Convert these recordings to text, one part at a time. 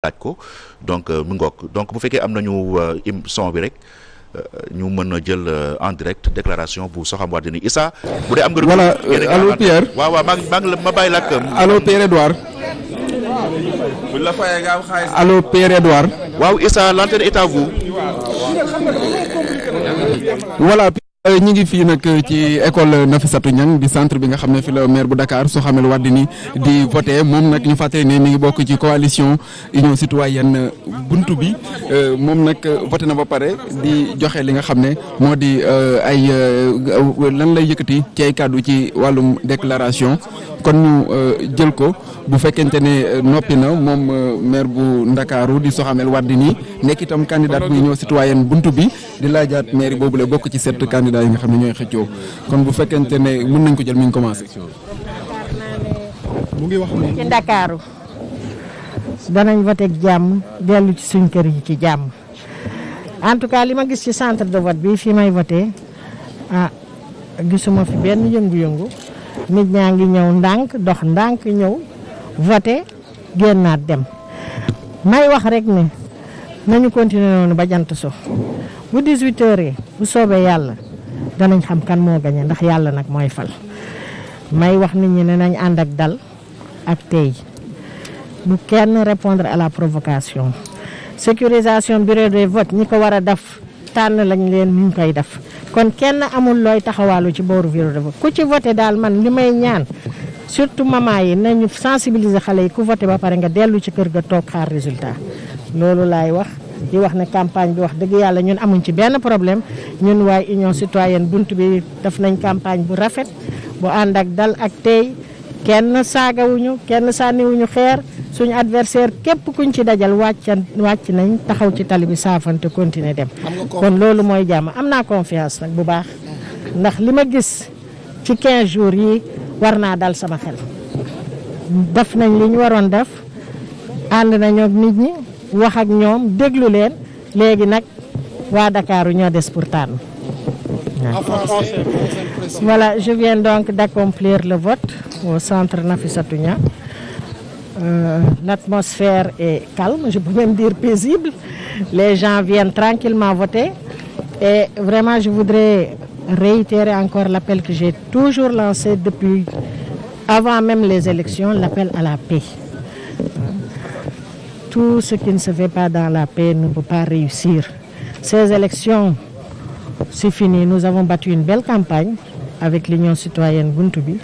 laaj ko donc euh, mu ngook donc bu fekkee am nañu euh, im son bi rek euh, ñu mën a jël en direct déclaration bu Soham Wardini Issa bu dee am nga voilà allo Pierre waaw waaw maa ngi maa ngi la ma Pierre Edouard waaw Issa l'antenne est à vous Euh, ñi ngi fii nag euh, ci école euh, satu Niang di centre bi nga xam ne fi la maire bu Dakar Soham El Wardini di voté moom nag ñu fàttali ne mi ngi bokk ci coalition union citoyenne buntu bi moom nag voté na ba pare di joxe li nga xam ne moo di ay lan lay yëkkati ci kàddu ci wàllum déclaration kon ñu jël ko bu fekkente ne noppi na moom maire bu Ndakaaru di Soham El Wardini nekk itam candidat bu union citoyenne bunt bi di laajaat maire boobule bokk ci set candidat candidat yi nga xam ne ñooy xëccoo kon bu fekkente ne mën nañ ko jël mi ngi commencé. mu wax ci Ndakaaru danañ voteeg jàmm dellu ci suñ kër yi ci jàmm en tout li ma gis ci centre de vote bi fii may voté ah gisuma fi benn yëngu-yëngu nit ñaa ngi ñëw ndànk dox ndànk ñëw voté génnaat dem may wax rek ne nañu continuer ba jant so bu 18 bu soobee yàlla danañ xam kan moo gañe ndax yàlla nag mooy fal may wax nit ñi ne nañ ànd ak dal ak tey bu kenn répondre à la provocation sécurisation bureau de vote ñi ko war a def tànn lañ leen ñu koy def kon kenn amul looy taxawaalu ci booru bureau de vote ku ci voté daal man li may ñaan surtout maman yi nañu sensibiliser xale yi ku voté ba pare nga dellu ci kër ga toog xaar résultat loolu laay wax di wax na campagne bi wax dëgg yàlla ñun amuñ ci benn problème ñun waaye union citoyenne bunt bi def nañ campagne bu rafet bu ànd ak dal ak tey kenn saagawuñu kenn sànniwuñu xeer suñu adversaire képp kuñ ci dajal wàcc wàcc nañ taxaw ci tali bi saafante continuer dem kon loolu mooy jàmm am naa confiance nag bu baax ndax li ma gis ci 15 jours yi war naa dal sama xel def nañ li ñu waroon def ànd nañoo nit ñi wax ak ñoom déglu leen léegi nag waa Dakaaru ñoo des pour tànn voilà je viens donc d'accomplir le vote au centre Nafissatou Niang euh, l'atmosphère est calme je peux même dire paisible les gens viennent tranquillement voter et vraiment je voudrais réitérer encore l'appel que j'ai toujours lancé depuis avant même les élections l'appel à la paix tout ce qui ne se fait pas dans la paix ne peut pas réussir. Ces élections, c'est fini. Nous avons battu une belle campagne avec l'Union citoyenne Buntubi.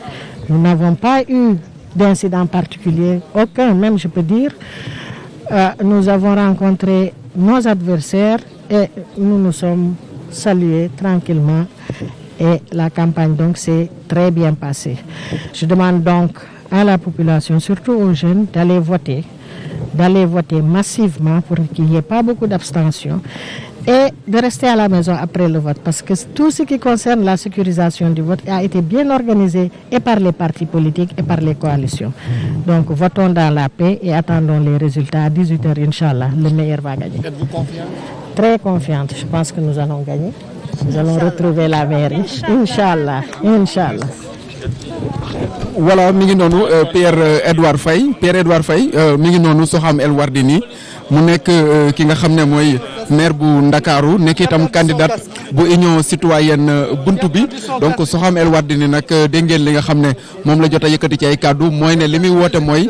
Nous n'avons pas eu d'incident particulier, aucun même je peux dire. Euh, nous avons rencontré nos adversaires et nous nous sommes salués tranquillement et la campagne donc s'est très bien passée. Je demande donc à la population, surtout aux jeunes, d'aller voter d'aller voter massivement pour qu'il n'y ait pas beaucoup d'abstention et de rester à la maison après le vote parce que tout ce qui concerne la sécurisation du vote a été bien organisé et par les partis politiques et par les coalitions. Donc votons dans la paix et attendons les résultats à 18h Inch'Allah, le meilleur va gagner. Très confiante, je pense que nous allons gagner. Nous allons retrouver la mairie. Inch'Allah, Inch'Allah. voilà mi ngi noonu euh, Pierre Edouard euh, Faye Pierre Edouard Faye euh, mi ngi noonu Soham El Wardini mu nekk euh, ki nga xam ne mooy maire bu Ndakaaru nekk itam candidat bu union citoyenne euh, buntu bi donc Soham El Wardini nag euh, dégg ngeen li nga xam ne moom la jot a yëkkati ci ay kàddu mooy ne li muy woote mooy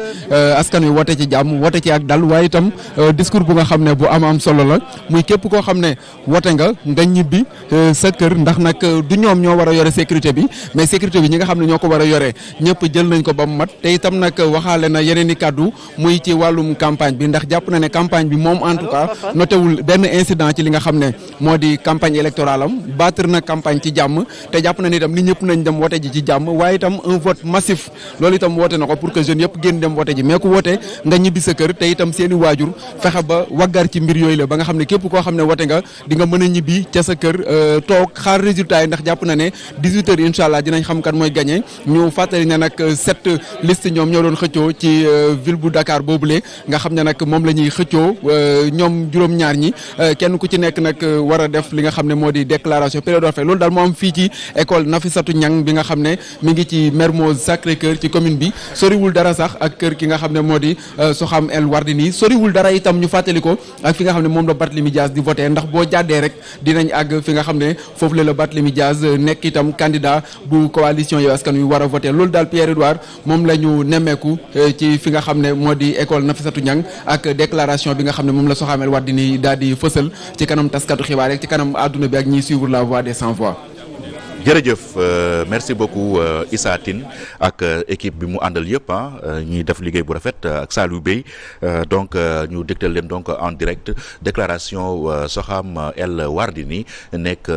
askan wi woote ci jàmm woote ci ak dal waaye itam discours bu nga xam ne bu am am solo la muy képp koo xam ne woote nga nga ñibbi sa kër ndax nag du ñoom ñoo war a yore sécurité bi mais sécurité bi ñi nga xam ne ñoo ko war a yore ñëpp jël nañ ko ba mu mat teyitam nag waxaale na yeneen i kàddu muy ci wàllum campagne bi ndax jàpp na ne campagne bi moom en tout cas notewul benn incident ci li nga xam ne moo di campagne électorale am battre na campagne ci jàmm te jàpp na ni ni ñëpp nañ dem wote ji ci jàmm waaye itam un vote massif loolu itam woote na ko pour que jeunes yëpp génn dem wote ji mais wote nga ñibbi sa kër te itam seen waajur fexe ba waggar ci mbir yooyu la ba nga xam ne képp koo xam ne wote nga di nga mën a ñibbi ca sa kër euh, toog xaar résultat yi ndax jàpp na ne 18 heures incha xëccoo euh, ñoom juróom-ñaar ñi euh, kenn ku ci nekk nag euh, war a def li nga xam ne moo di déclaration période de loolu daal moo am fii ci école Nafissatou Niang bi nga xam ne mi ngi ci Mermoz Sacré-Cœur ci commune bi soriwul dara sax ak kër ki nga xam ne moo di Soham El Wardini soriwul dara itam ñu fàttaliko ak fi nga xam ne moom la Barthélémy Dias di voté ndax boo jàddee rek dinañ àgg fi nga xam ne foofu la la Barthélémy Dias nekk itam candidat bu coalition Yewwi Askan Wi war a voté loolu daal Pierre Edouard moom la ñu nemmeeku ci fi nga xam ne moo di école Nafissatou Niang déclaration bi nga xam ne moom la Soham El Wardini daal di fësal ci kanam taskatu xibaar rek ci kanam àdduna bi ak ñiy suivre la voix des sans voix jërëjëf euh, merci beaucoup euh, Issa ak euh, équipe bi mu àndal yëpp ah ñuy def liggéey bu rafet ak Saliou Bey donc ñu dégtal leen donc en direct déclaration Soham El Wardini nekk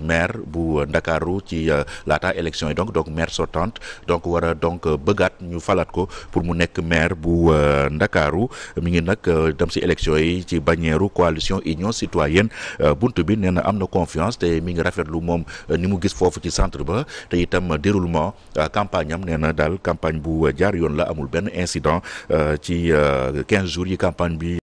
maire bu Ndakaaru ci laata élection yi donc donc maire sortante donc war a donc bëggaat ñu falaat ko pour mu nekk maire bu Ndakaaru mi ngi nag dem si élection yi ci bannière coalition Union Citoyenne bunt bi nee na am na confiance te mi ngi rafetlu moom ni mu gis foofu ci centre ba te itam déroulement euh, campagne am nee na daal campagne bu jaar yoon la amul benn incident euh, ci euh, quinze jours yi campagne bi